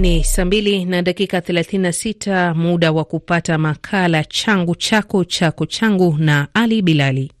Ni saa mbili na dakika 36, muda wa kupata makala changu chako chako changu na Ali Bilali.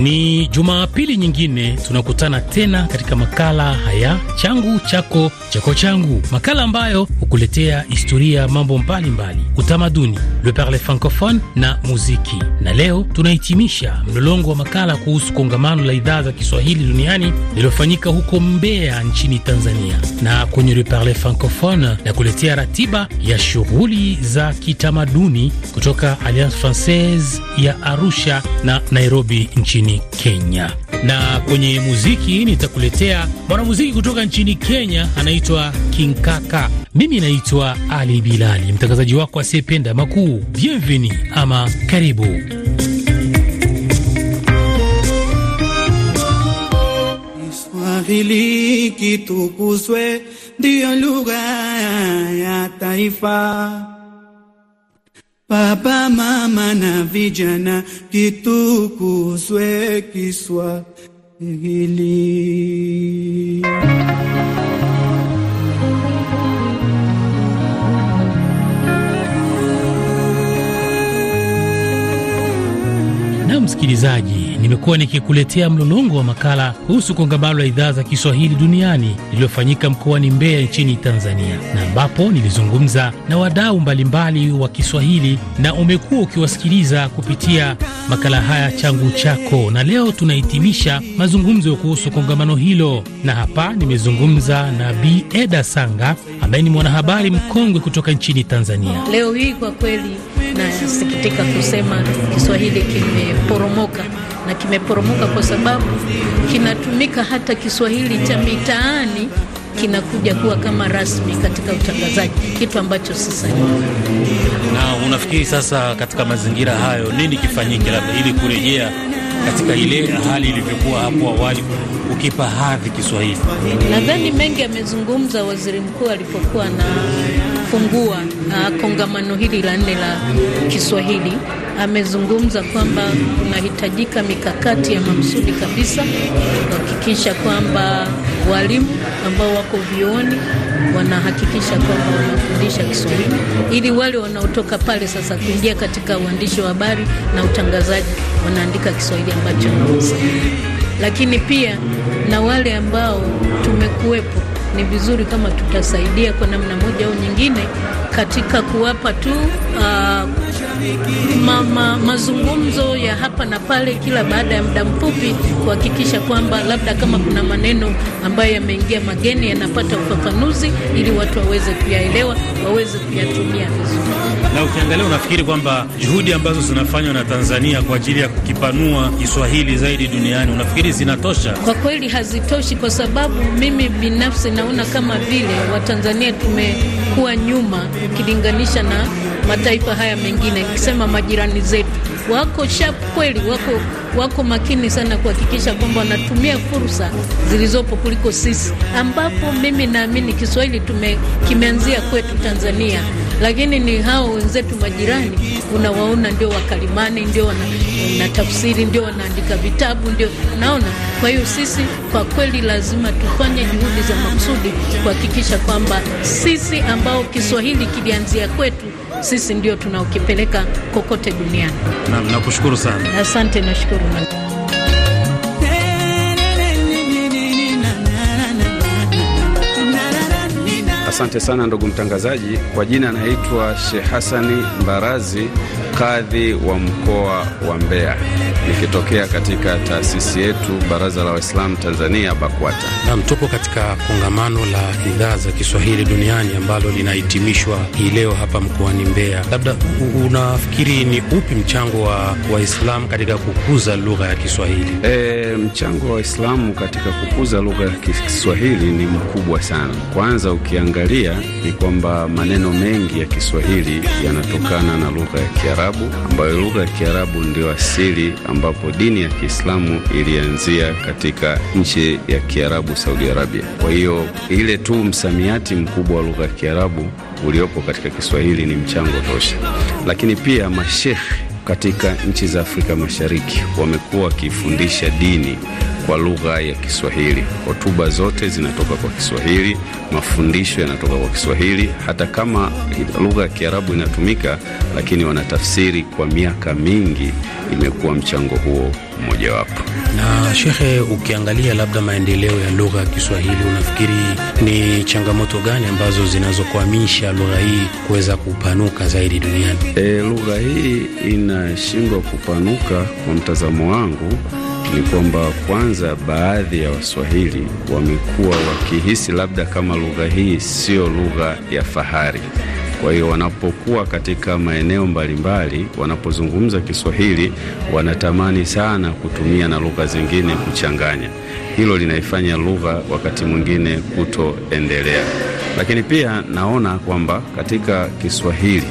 Ni Jumapili nyingine tunakutana tena katika makala haya changu chako chako changu, makala ambayo hukuletea historia mambo mbalimbali, utamaduni, le parle francophone na muziki. Na leo tunahitimisha mlolongo wa makala kuhusu kongamano la idhaa za Kiswahili duniani lililofanyika huko Mbeya nchini Tanzania, na kwenye le parle francophone na kuletea ratiba ya shughuli za kitamaduni kutoka Alliance Francaise ya Arusha na Nairobi nchini nchini Kenya. Na kwenye muziki nitakuletea mwanamuziki kutoka nchini Kenya, anaitwa King Kaka. Mimi naitwa Ali Bilali, mtangazaji wako asiyependa makuu. Bienveni ama karibu. Kiswahili kitukuzwe, ndiyo lugha ya taifa Baba, mama na vijana, kitukuzwe Kiswahili. Na msikilizaji nimekuwa nikikuletea mlolongo wa makala kuhusu kongamano la idhaa za Kiswahili duniani lililofanyika mkoani Mbeya nchini Tanzania, na ambapo nilizungumza na wadau mbalimbali wa Kiswahili na umekuwa ukiwasikiliza kupitia makala haya changu chako, na leo tunahitimisha mazungumzo kuhusu kongamano hilo, na hapa nimezungumza na Bi Eda Sanga ambaye ni mwanahabari mkongwe kutoka nchini Tanzania. Leo hii kwa kweli nasikitika kusema Kiswahili kimeporomoka na kimeporomoka kwa sababu kinatumika hata Kiswahili cha mitaani kinakuja kuwa kama rasmi katika utangazaji, kitu ambacho si sahihi. Na unafikiri sasa, katika mazingira hayo, nini kifanyike labda ili kurejea katika ile hali ilivyokuwa hapo awali, ukipa hadhi Kiswahili. Nadhani mengi amezungumza waziri mkuu alipokuwa na fungua uh, ah, kongamano hili la nne la Kiswahili. Amezungumza kwamba kunahitajika mikakati ya mamsudi kabisa kuhakikisha kwamba walimu ambao wako vioni wanahakikisha kwamba wanafundisha Kiswahili ili wale wanaotoka pale sasa kuingia katika uandishi wa habari na utangazaji wanaandika Kiswahili ambacho lakini pia na wale ambao tumekuwepo, ni vizuri kama tutasaidia kwa namna moja au nyingine katika kuwapa tu uh, ma, ma, mazungumzo ya hapa na pale kila baada ya muda mfupi, kuhakikisha kwamba labda kama kuna maneno ambayo yameingia mageni yanapata ufafanuzi, ili watu waweze kuyaelewa, waweze kuyatumia vizuri. Na ukiangalia, unafikiri kwamba juhudi ambazo zinafanywa na Tanzania kwa ajili ya kukipanua Kiswahili zaidi duniani, unafikiri zinatosha? Kwa kweli hazitoshi, kwa sababu mimi binafsi naona kama vile Watanzania tumekuwa nyuma ukilinganisha na mataifa haya mengine, kisema majirani zetu wako sharp kweli, wako, wako makini sana kuhakikisha kwamba wanatumia fursa zilizopo kuliko sisi, ambapo mimi naamini Kiswahili tume, kimeanzia kwetu Tanzania, lakini ni hao wenzetu majirani unawaona ndio wakalimani, ndio wana tafsiri ndio wanaandika vitabu, ndio naona kwa hiyo sisi kwa kweli lazima tufanye juhudi za makusudi kuhakikisha kwamba sisi ambao Kiswahili kilianzia kwetu sisi ndio tunaokipeleka kokote duniani. Naam, nakushukuru sana. Asante, nashukuru na Asante sana ndugu mtangazaji. Kwa jina anaitwa Sheikh Hasani Mbarazi kadhi wa mkoa wa Mbeya nikitokea katika taasisi yetu Baraza la Waislamu Tanzania BAKWATA. Nam, tupo katika kongamano la idhaa za Kiswahili duniani ambalo linahitimishwa hii leo hapa mkoani Mbeya. Labda unafikiri ni upi mchango wa Waislamu katika kukuza lugha ya Kiswahili? E, mchango wa Waislamu katika kukuza lugha ya Kiswahili ni mkubwa sana. Kwanza ukiangalia ni kwamba maneno mengi ya Kiswahili yanatokana na lugha ya Kiarabu Kiarabu, ambayo lugha ya Kiarabu ndio asili ambapo dini ya Kiislamu ilianzia katika nchi ya Kiarabu, Saudi Arabia. Kwa hiyo ile tu msamiati mkubwa wa lugha ya Kiarabu uliopo katika Kiswahili ni mchango tosha, lakini pia mashekhe katika nchi za Afrika Mashariki wamekuwa wakifundisha dini kwa lugha ya Kiswahili. Hotuba zote zinatoka kwa Kiswahili, mafundisho yanatoka kwa Kiswahili. Hata kama lugha ya Kiarabu inatumika, lakini wanatafsiri kwa miaka mingi, imekuwa mchango huo mmojawapo. Na shekhe, ukiangalia labda maendeleo ya lugha ya Kiswahili, unafikiri ni changamoto gani ambazo zinazokwamisha lugha hii kuweza kupanuka zaidi duniani? E, lugha hii inashindwa kupanuka kwa mtazamo wangu ni kwamba kwanza, baadhi ya Waswahili wamekuwa wakihisi labda kama lugha hii sio lugha ya fahari. Kwa hiyo wanapokuwa katika maeneo mbalimbali, wanapozungumza Kiswahili wanatamani sana kutumia na lugha zingine kuchanganya. Hilo linaifanya lugha wakati mwingine kutoendelea. Lakini pia naona kwamba katika Kiswahili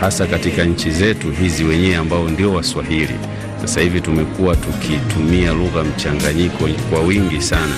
hasa katika nchi zetu hizi wenyewe ambao ndio Waswahili sasa hivi tumekuwa tukitumia lugha mchanganyiko kwa wingi sana.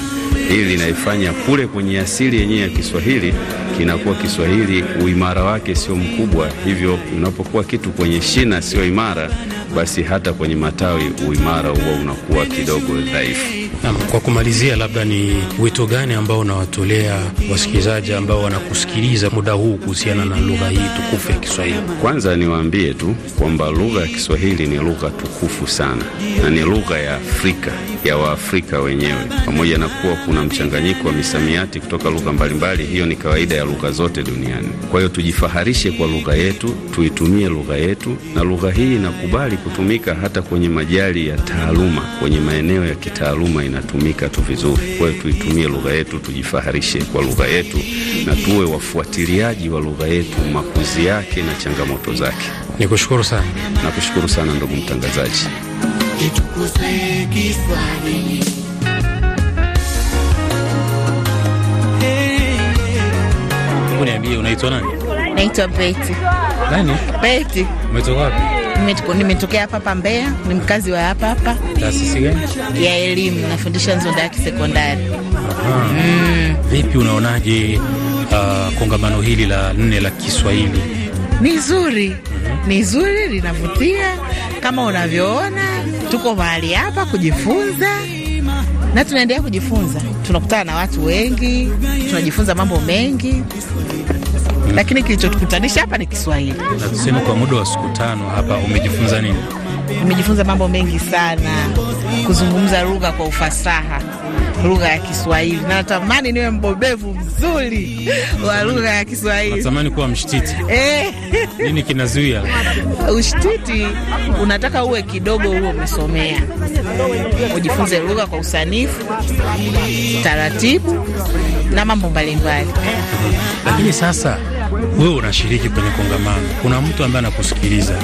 Hili linaifanya kule kwenye asili yenyewe ya Kiswahili kinakuwa Kiswahili uimara wake sio mkubwa, hivyo unapokuwa kitu kwenye shina sio imara, basi hata kwenye matawi uimara huwa unakuwa kidogo dhaifu. Na kwa kumalizia, labda ni wito gani ambao unawatolea wasikilizaji ambao wanakusikiliza muda huu kuhusiana na lugha hii tukufu ya Kiswahili? Kwanza niwaambie tu kwamba lugha ya Kiswahili ni lugha tukufu sana na ni lugha ya Afrika ya Waafrika wenyewe, pamoja na kuwa kuna mchanganyiko wa misamiati kutoka lugha mbalimbali. Hiyo ni kawaida ya lugha zote duniani. Kwa hiyo tujifaharishe kwa lugha yetu, tuitumie lugha yetu, na lugha hii inakubali kutumika hata kwenye majali ya taaluma, kwenye maeneo ya kitaaluma inatumika tu vizuri. Kwa hiyo tuitumie lugha yetu, tujifaharishe kwa lugha yetu na tuwe wafuatiliaji wa lugha yetu, makuzi yake na changamoto zake. Nikushukuru sana. Nakushukuru sana ndugu mtangazaji. unaitwa nani? Naitwa Beti. Nani? Beti. Umetoka wapi? Nimetokea hapa hapa Mbeya, ni mkazi wa hapa hapa. Taasisi gani? Ya elimu, nafundisha Nzonda ya kisekondari. Mm. Vipi, unaonaje uh, kongamano hili la nne la Kiswahili? Ni zuri, mhm. ni zuri, linavutia kama unavyoona, tuko mahali hapa kujifunza na tunaendelea kujifunza, tunakutana na watu wengi, tunajifunza mambo mengi lakini kilichotukutanisha hapa ni Kiswahili. Na tuseme kwa muda wa siku tano hapa umejifunza nini? Nimejifunza mambo mengi sana, kuzungumza lugha kwa ufasaha, lugha ya Kiswahili. Natamani niwe mbobevu mzuri wa lugha ya Kiswahili. Natamani kuwa mshtiti. Eh, nini kinazuia ushtiti? Unataka uwe kidogo, huo umesomea, ujifunze lugha kwa usanifu, taratibu na mambo mbalimbali. Lakini sasa wewe unashiriki kwenye kongamano, kuna mtu ambaye anakusikiliza,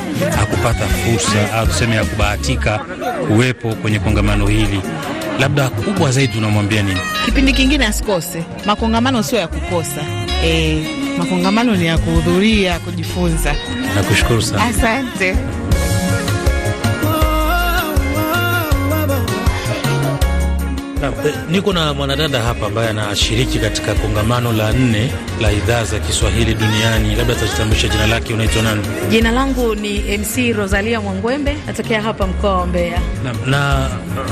akupata fursa au tuseme ya kubahatika kuwepo kwenye kongamano hili, labda kubwa zaidi, unamwambia nini? Kipindi kingine asikose makongamano, sio ya kukosa e, makongamano ni ya kuhudhuria, kujifunza. Nakushukuru sana, asante. Eh, niko na mwanadada hapa ambaye anashiriki katika kongamano la nne la idhaa za Kiswahili duniani. Labda atajitambulisha jina lake. Unaitwa nani? Jina langu ni MC Rosalia Mwangwembe, natokea hapa mkoa wa Mbeya. Na, na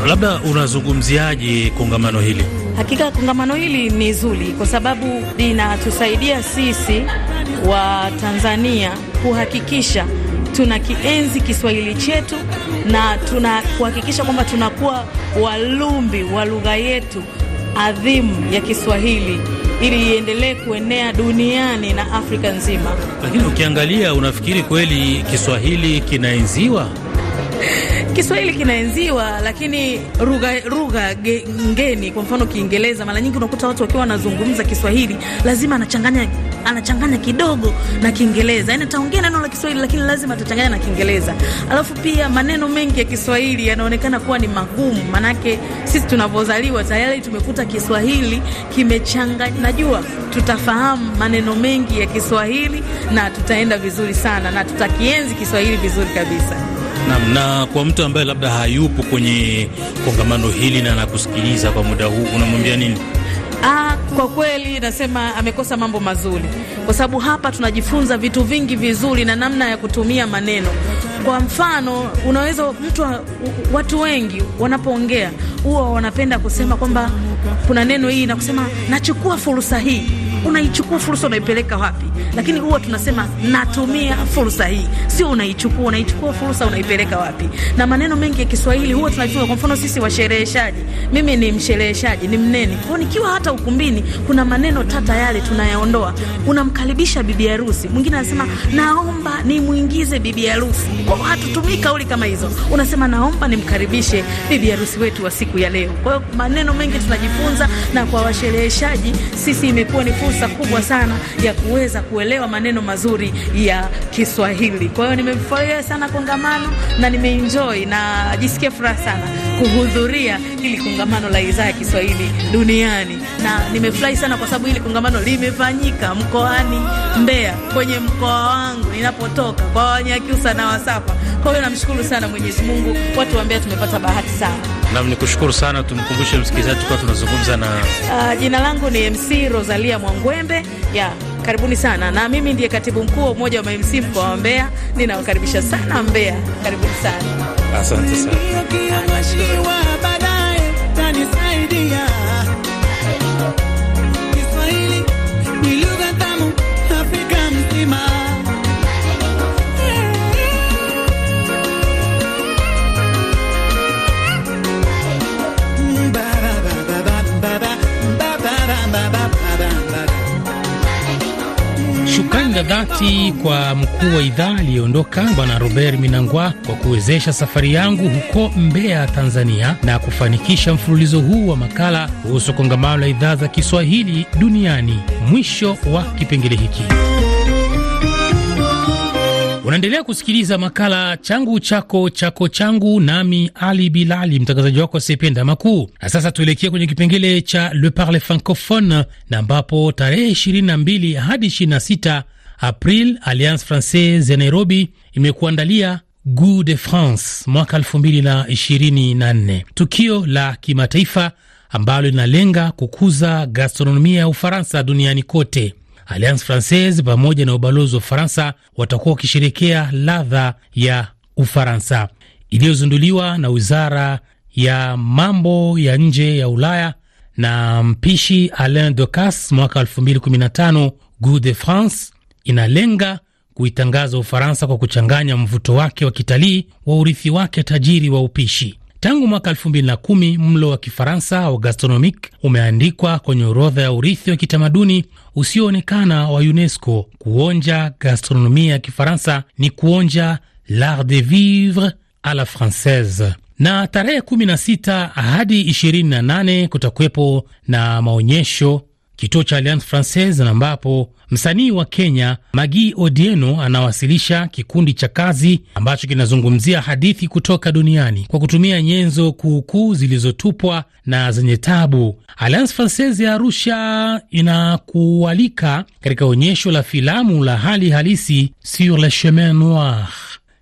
labda unazungumziaje kongamano hili? Hakika kongamano hili ni zuri kwa sababu linatusaidia sisi wa Tanzania kuhakikisha tuna kienzi Kiswahili chetu na tuna kuhakikisha kwamba tunakuwa walumbi wa lugha yetu adhimu ya Kiswahili ili iendelee kuenea duniani na Afrika nzima. Lakini ukiangalia, unafikiri kweli Kiswahili kinaenziwa? Kiswahili kinaenziwa, lakini lugha lugha ngeni, kwa mfano Kiingereza, mara nyingi unakuta watu wakiwa wanazungumza Kiswahili lazima anachanganya anachanganya kidogo na Kiingereza, yani ataongea neno la Kiswahili lakini lazima atachanganya na Kiingereza. Alafu pia maneno mengi ya Kiswahili yanaonekana kuwa ni magumu, manake sisi tunavyozaliwa tayari tumekuta Kiswahili kimechanganya. Najua tutafahamu maneno mengi ya Kiswahili na tutaenda vizuri sana na tutakienzi Kiswahili vizuri kabisa. Na, na kwa mtu ambaye labda hayupo kwenye kongamano hili na anakusikiliza kwa muda huu unamwambia nini? Ah, kwa kweli nasema amekosa mambo mazuri, kwa sababu hapa tunajifunza vitu vingi vizuri na namna ya kutumia maneno. Kwa mfano, unaweza mtu, watu wengi wanapoongea huwa wanapenda kusema kwamba kuna neno hii na kusema nachukua fursa hii unaichukua fursa unaipeleka wapi? Lakini huwa tunasema natumia fursa hii, sio unaichukua. Unaichukua fursa unaipeleka wapi? Na maneno mengi ya Kiswahili huwa tunajua, Kwa mfano sisi washereheshaji, mimi ni mshereheshaji, ni mneni kwao. Nikiwa hata ukumbini, kuna maneno tata yale tunayaondoa. Unamkaribisha bibi harusi, mwingine anasema naomba nimwingize bibi harusi. Kwao hatutumii kauli kama hizo, unasema naomba nimkaribishe bibi harusi wetu wa siku ya leo. Kwa hiyo maneno mengi tunajifunza, na kwa washereheshaji sisi imekuwa ni fursa fursa kubwa sana ya kuweza kuelewa maneno mazuri ya Kiswahili. Kwa hiyo nimefurahia sana kongamano na nimeenjoy na jisikia furaha sana kuhudhuria hili kongamano la idhaa ya Kiswahili duniani, na nimefurahi sana kwa sababu hili kongamano limefanyika mkoani Mbeya, kwenye mkoa wangu ninapotoka, kwa Wanyakyusa na Wasafa. Kwa hiyo namshukuru sana Mwenyezi Mungu, watu wa Mbeya tumepata bahati sana. Nam ni kushukuru sana, tumkumbushe msikilizaji kuwa tunazungumza na uh, jina langu ni MC Rosalia Mwangwembe ya yeah. Karibuni sana na mimi ndiye katibu mkuu wa umoja wa MMC mkoa wa Mbeya. Ninawakaribisha sana Mbeya, karibuni sana, asante sana. kwa mkuu wa idhaa aliyeondoka Bwana Robert Minangwa kwa kuwezesha safari yangu huko Mbeya, Tanzania, na kufanikisha mfululizo huu wa makala kuhusu kongamano la idhaa za Kiswahili duniani. Mwisho wa kipengele hiki. Unaendelea kusikiliza makala changu chako chako changu, nami Ali Bilali, mtangazaji wako asiyependa makuu. Na sasa tuelekee kwenye kipengele cha Le Parle Francophone, na ambapo tarehe 22 hadi 26 April, Alliance Francaise ya Nairobi imekuandalia Gout de France mwaka 2024, tukio la kimataifa ambalo linalenga kukuza gastronomia ya Ufaransa duniani kote. Alliance Francaise pamoja na ubalozi wa Ufaransa watakuwa wakisherekea ladha ya Ufaransa iliyozinduliwa na wizara ya mambo ya nje ya Ulaya na mpishi Alain Ducasse mwaka 2015. Gout de France inalenga kuitangaza Ufaransa kwa kuchanganya mvuto wake wa kitalii wa urithi wake tajiri wa upishi. Tangu mwaka 2010 mlo wa Kifaransa wa gastronomique umeandikwa kwenye orodha ya urithi wa kitamaduni usioonekana wa UNESCO. Kuonja gastronomia ya Kifaransa ni kuonja l'art de vivre a la francaise na tarehe 16 hadi 28 kutakuwepo na maonyesho kituo cha Alliance Francaise, ambapo msanii wa Kenya Magi Odieno anawasilisha kikundi cha kazi ambacho kinazungumzia hadithi kutoka duniani kwa kutumia nyenzo kuukuu zilizotupwa na zenye tabu. Alliance Francaise ya Arusha inakualika katika onyesho la filamu la hali halisi Sur le chemin noir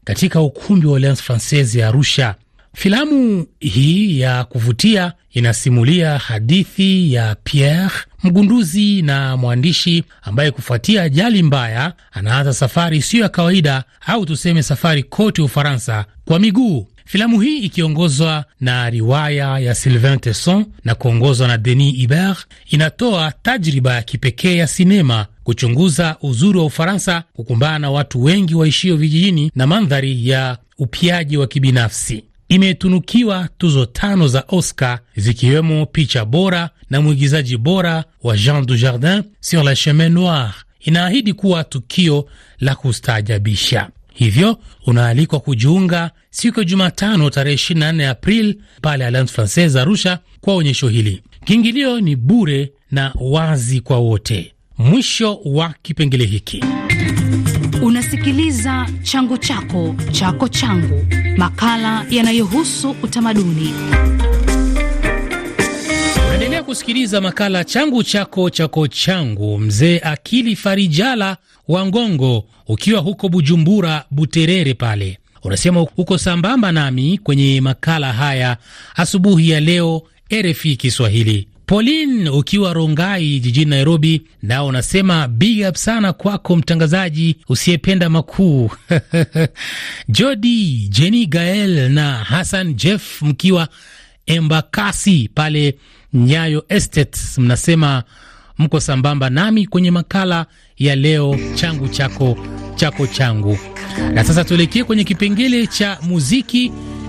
katika ukumbi wa Alliance Francaise ya Arusha. Filamu hii ya kuvutia inasimulia hadithi ya Pierre, mgunduzi na mwandishi ambaye kufuatia ajali mbaya anaanza safari isiyo ya kawaida au tuseme safari kote Ufaransa kwa miguu. Filamu hii ikiongozwa na riwaya ya Sylvain Tesson na kuongozwa na Denis Hibert inatoa tajriba ya kipekee ya sinema kuchunguza uzuri wa Ufaransa, kukumbana na watu wengi waishio vijijini na mandhari ya upiaji wa kibinafsi imetunukiwa tuzo tano za Oscar zikiwemo picha bora na mwigizaji bora wa Jean Dujardin Sur la Chemin Noir. Inaahidi kuwa tukio la kustaajabisha. Hivyo unaalikwa kujiunga siku ya Jumatano tarehe 24 april pale Alliance Francaise Arusha kwa onyesho hili. Kiingilio ni bure na wazi kwa wote. Mwisho wa kipengele hiki. Unasikiliza changu chako chako changu, makala yanayohusu utamaduni. Naendelea kusikiliza makala changu chako chako changu. Mzee Akili Farijala wa Ngongo, ukiwa huko Bujumbura Buterere pale, unasema uko sambamba nami kwenye makala haya asubuhi ya leo RFI Kiswahili. Pauline ukiwa Rongai jijini Nairobi, nao unasema big up sana kwako mtangazaji usiyependa makuu Jodi Jeni Gael na Hassan Jeff mkiwa Embakasi pale Nyayo Estates, mnasema mko sambamba nami kwenye makala ya leo, changu chako chako changu. Na sasa tuelekee kwenye kipengele cha muziki.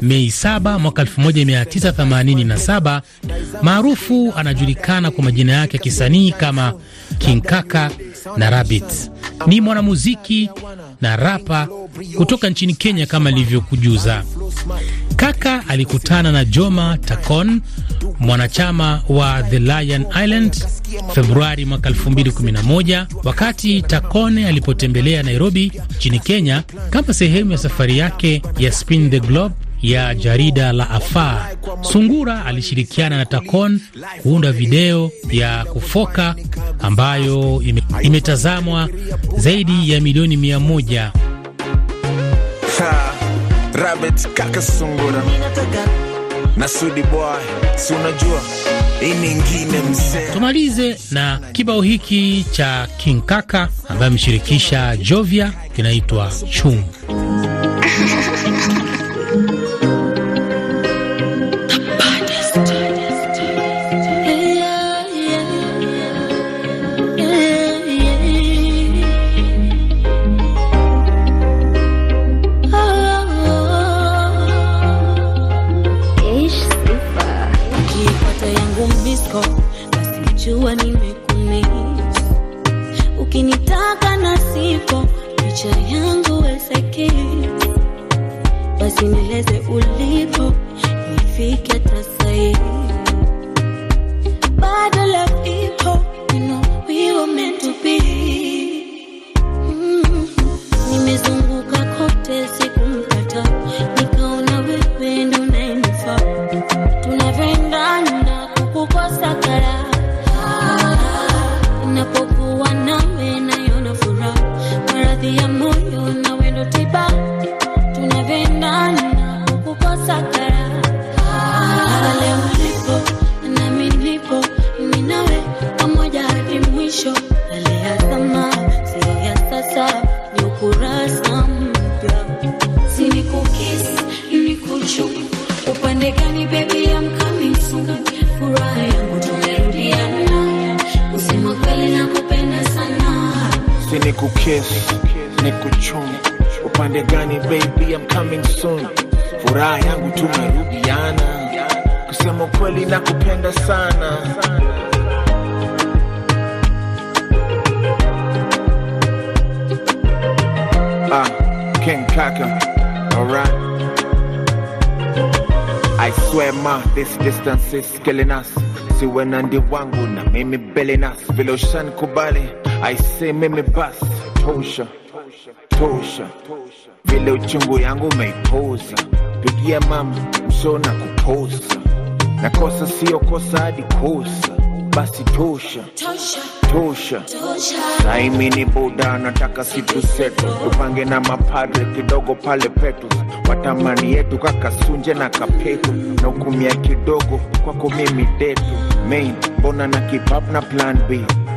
Mei 7 mwaka 1987. Maarufu anajulikana kwa majina yake ya kisanii kama King Kaka na Rabbit. Ni mwanamuziki na rapa kutoka nchini Kenya. Kama ilivyokujuza, Kaka alikutana na Joma Takon, mwanachama wa The Lion Island, Februari mwaka 2011 wakati Takone alipotembelea Nairobi nchini Kenya kama sehemu ya safari yake ya Spin the Globe ya jarida la Afaa. Sungura alishirikiana na Takon kuunda video ya kufoka ambayo imetazamwa zaidi ya milioni mia moja. rabbit kaka sungura na sudi boy, si unajua Tumalize na kibao hiki cha King Kaka ambaye ameshirikisha Jovia kinaitwa chum uchumi. Upande gani baby, I'm coming soon. Furaha yangu tumerudiana, kusema kweli nakupenda sana Ah, King Kaka, alright. I swear ma, this distance is killing us. Siwe na ndi wangu na mimi belinasi vile kubali, I say mimi basi tosha tosha, vile uchungu yangu umeipoza, pigia mama msona kupoza, na kosa sio kosa hadi kosa, basi tosha, tosha. Saimi ni buda, nataka situ setu, tupange na mapadre kidogo pale petu, watamani yetu kakasunje na kapetu, na ukumia kidogo kwako mimi detu main, mbona na kipap na plan B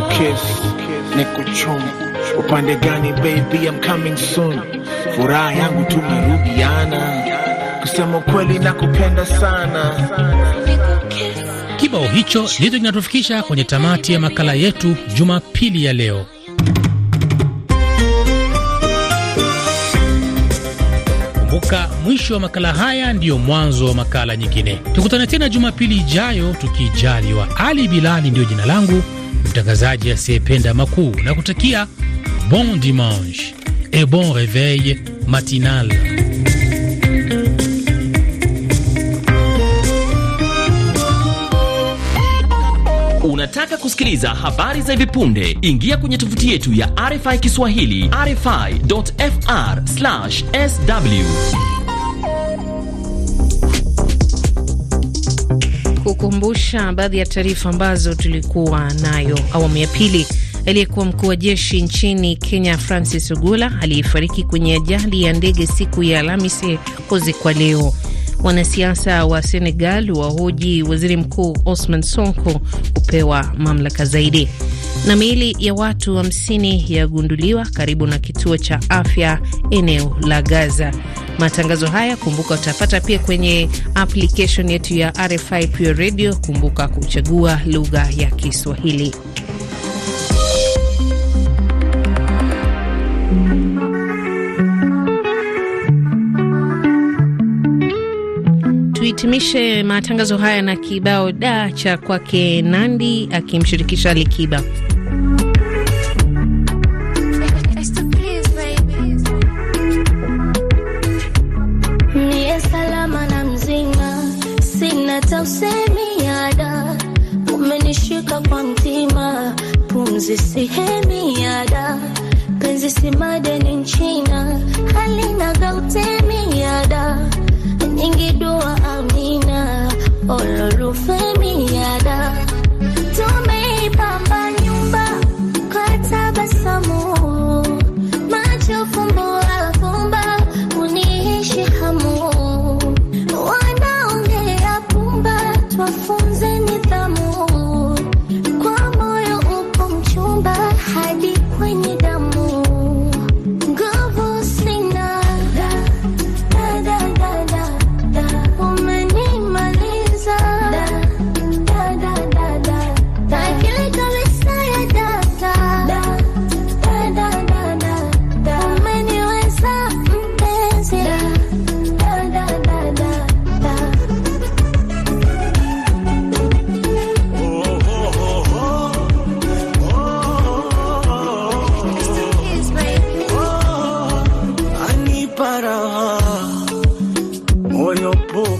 kukiss ni kuchoma upande gani baby, I'm coming soon. Furaha yangu tumerudiana, kusema kweli sana. Kibao hicho ndicho kinatufikisha kwenye tamati ya makala yetu Jumapili ya leo. Kumbuka, mwisho wa makala haya ndiyo mwanzo wa makala nyingine. Tukutane tena Jumapili ijayo tukijaliwa. Ali Bilali ndiyo jina langu mtangazaji asiyependa makuu na kutakia bon dimanche et bon reveil matinal. Unataka kusikiliza habari za hivi punde? Ingia kwenye tovuti yetu ya RFI Kiswahili, rfi.fr/sw. kukumbusha baadhi ya taarifa ambazo tulikuwa nayo awamu ya pili. Aliyekuwa mkuu wa jeshi nchini Kenya Francis ugula aliyefariki kwenye ajali ya ndege siku ya Alhamisi kuzikwa leo. Wanasiasa wa Senegal wahoji waziri mkuu Osman Sonko kupewa mamlaka zaidi na miili ya watu hamsini wa yagunduliwa karibu na kituo cha afya eneo la Gaza. Matangazo haya kumbuka, utapata pia kwenye application yetu ya RFI Pure Radio. Kumbuka kuchagua lugha ya Kiswahili. Tuhitimishe matangazo haya na kibao da cha kwake Nandi akimshirikisha Alikiba. semiada, umenishika kwa mtima, pumzi sihemiada, penzi si madeni nchina, halina gautemiada, nyingi dua amina ololufemiada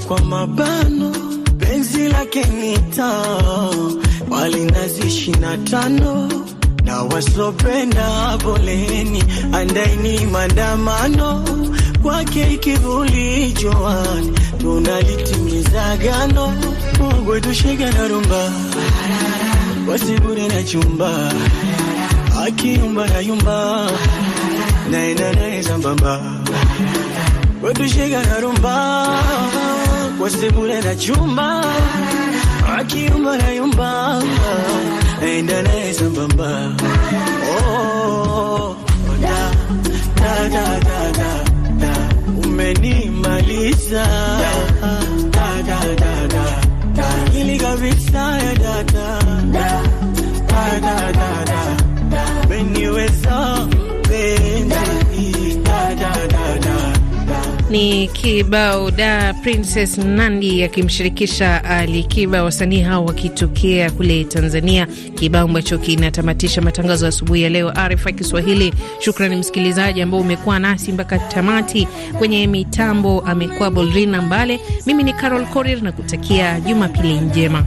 kwa mabano, penzi lake ni taa, walinazi na tano na wasopenda poleni, andaini mandamano kwake ikivuli joani, tunalitimiza gano Mungu na rumba wasibure na chumba akiyumba na yumba naenda naye sambamba wetushika na rumba wasemule na chumba akiumba na yumba enda naye sambamba umenimaliza Ni kibao da Princess Nandi akimshirikisha alikiba wasanii hao wakitokea kule Tanzania, kibao ambacho kinatamatisha matangazo ya asubuhi ya leo RFI Kiswahili. Shukrani msikilizaji ambao umekuwa nasi mpaka tamati. Kwenye mitambo amekuwa Bolrina Mbale, mimi ni Carol Korir na kutakia Jumapili njema.